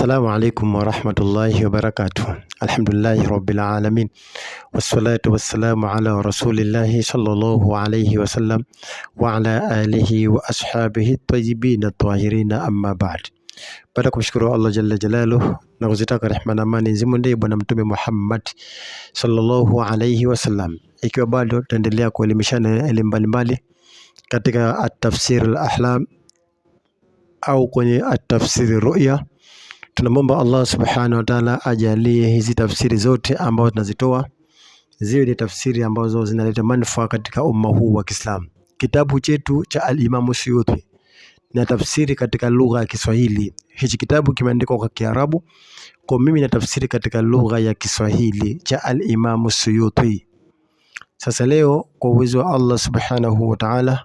Assalamu alaikum warahmatullahi wabarakatuh. Alhamdulillahi rabbil alamin wassalatu wassalamu ala rasulillahi sallallahu alayhi wasallam wa ala alihi wa ashabihi tayyibin tahirina, amma ba'd. Baada ya kumshukuru Allah jalla jalaluhu na kuzitaka rehma na amani zimwendee Bwana Mtume Muhammad sallallahu alayhi wasallam, ikiwa bado tutaendelea kuelimishana elimu mbalimbali katika at-tafsir al-ahlam au kwenye at-tafsir ru'ya Tunamwomba Allah subhanahu wa ta'ala ajalie hizi tafsiri zote ambazo tunazitoa ziwe ni tafsiri ambazo zinaleta manufaa katika umma huu wa Kiislamu. Kitabu chetu cha al Suyuti na tafsiri katika lugha ya Kiswahili. Hichi kitabu kimeandikwa kwa Kiarabu, kwa mimi na tafsiri katika lugha ya Kiswahili cha al Suyuti. Sasa leo kwa uwezo wa Allah subhanahu wa ta'ala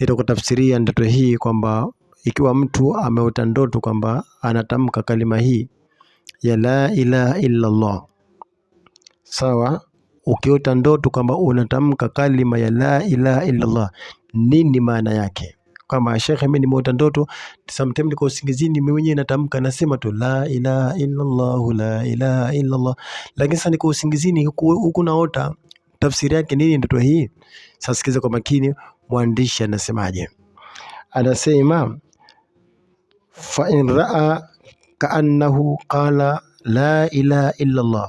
nitakutafsiria ndoto hii kwamba ikiwa mtu ameota ndoto kwamba anatamka kalima hii ya la ilaha illa Allah, sawa. Ukiota ndoto kwamba unatamka kalima ya la ilaha illa Allah, nini maana yake? Kama shekhe, mimi nimeota ndoto, sometimes niko usingizini, mimi mwenyewe natamka nasema tu la ilaha illa Allah, la ilaha illa Allah, lakini sasa niko usingizini huku naota tafsiri yake nini ndoto hii? Sasa sikiza kwa makini, mwandishi anasemaje? Anasema fa in raa ka annahu qala la ilaha illa Allah,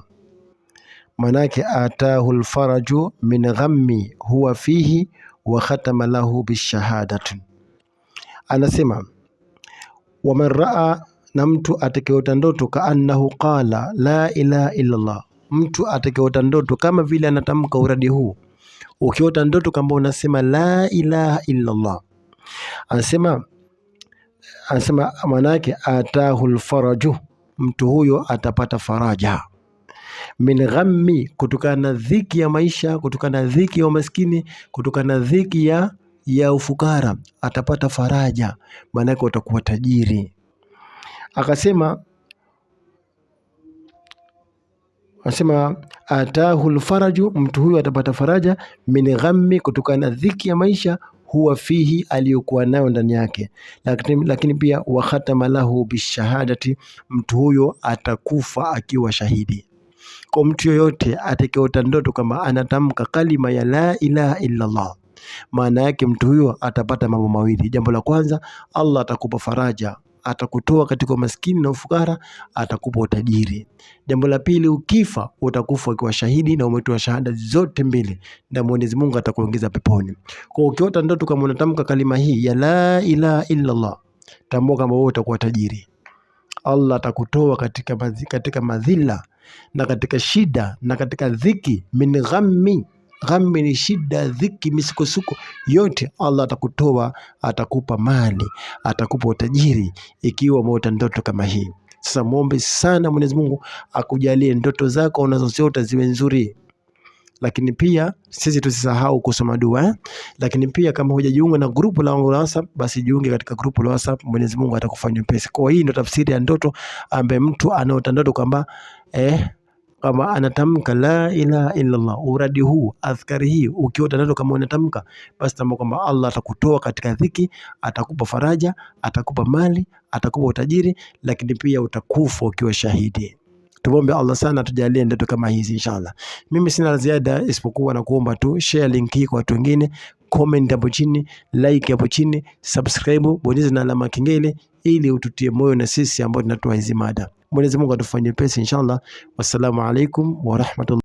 manake atahu lfaraju min ghammi huwa fihi wa khatama lahu bishahadatun Anasema waman raa, na mtu atakayeota ndoto annahu qala la ilaha illa Allah, mtu atakayeota ndoto kama vile anatamka uradi huu. Ukiota ndoto kama unasema la ilaha illa Allah, anasema anasema manake atahul faraju, mtu huyo atapata faraja min ghammi, kutokana na dhiki ya maisha, kutokana na dhiki ya umaskini, kutokana na dhiki ya, ya ufukara atapata faraja, maanake utakuwa tajiri. Akasema anasema atahul faraju, mtu huyo atapata faraja min ghammi, kutokana na dhiki ya maisha, huwa fihi aliyokuwa nayo ndani yake, lakini, lakini pia wakhatama lahu bishahadati, mtu huyo atakufa akiwa shahidi. Kwa mtu yoyote atakayeota ndoto kama anatamka kalima ya la ilaha illa Allah, maana yake mtu huyo atapata mambo mawili. Jambo la kwanza, Allah atakupa faraja atakutoa katika umaskini na ufukara, atakupa utajiri. Jambo la pili, ukifa utakufa ukiwa shahidi na umetoa shahada zote mbili, na Mwenyezi Mungu atakuongeza peponi. Kwa ukiota ndoto kama unatamka kalima hii ya la ilaha illa Allah, tambua kama wewe utakuwa tajiri. Allah atakutoa katika, katika madhila na katika shida na katika dhiki min ghammi ni shida, dhiki, misukosuko yote, Allah atakutoa, atakupa mali, atakupa utajiri ikiwa umeota ndoto kama hii. Sasa muombe sana Mwenyezi Mungu akujalie ndoto zako unazoziota ziwe nzuri, lakini pia sisi tusisahau kusoma dua. Eh? Lakini pia kama hujajiunga na grupu la wangu la WhatsApp, basi jiunge katika grupu la WhatsApp. Mwenyezi Mungu atakufanya pesa. Kwa hii ndio tafsiri ya ndoto, ambaye mtu anaota ndoto kwamba eh, kwamba anatamka la ilaha illallah, uradi huu, adhkari hii, ukiota nalo kama unatamka, basi tamka kwamba Allah atakutoa katika dhiki, atakupa faraja, atakupa mali, atakupa utajiri, lakini pia utakufa ukiwa shahidi. Tuombe Allah sana tujalie ndoto kama hizi inshallah. Mimi sina la ziada isipokuwa na kuomba tu share link hii kwa watu wengine, comment hapo chini, like hapo chini, subscribe, bonyeza na alama kengele ili ututie moyo na sisi ambao tunatoa hizi mada. Mwenyezi Mungu atufanyie pesi inshallah. Wassalamu alaikum warahmatullahi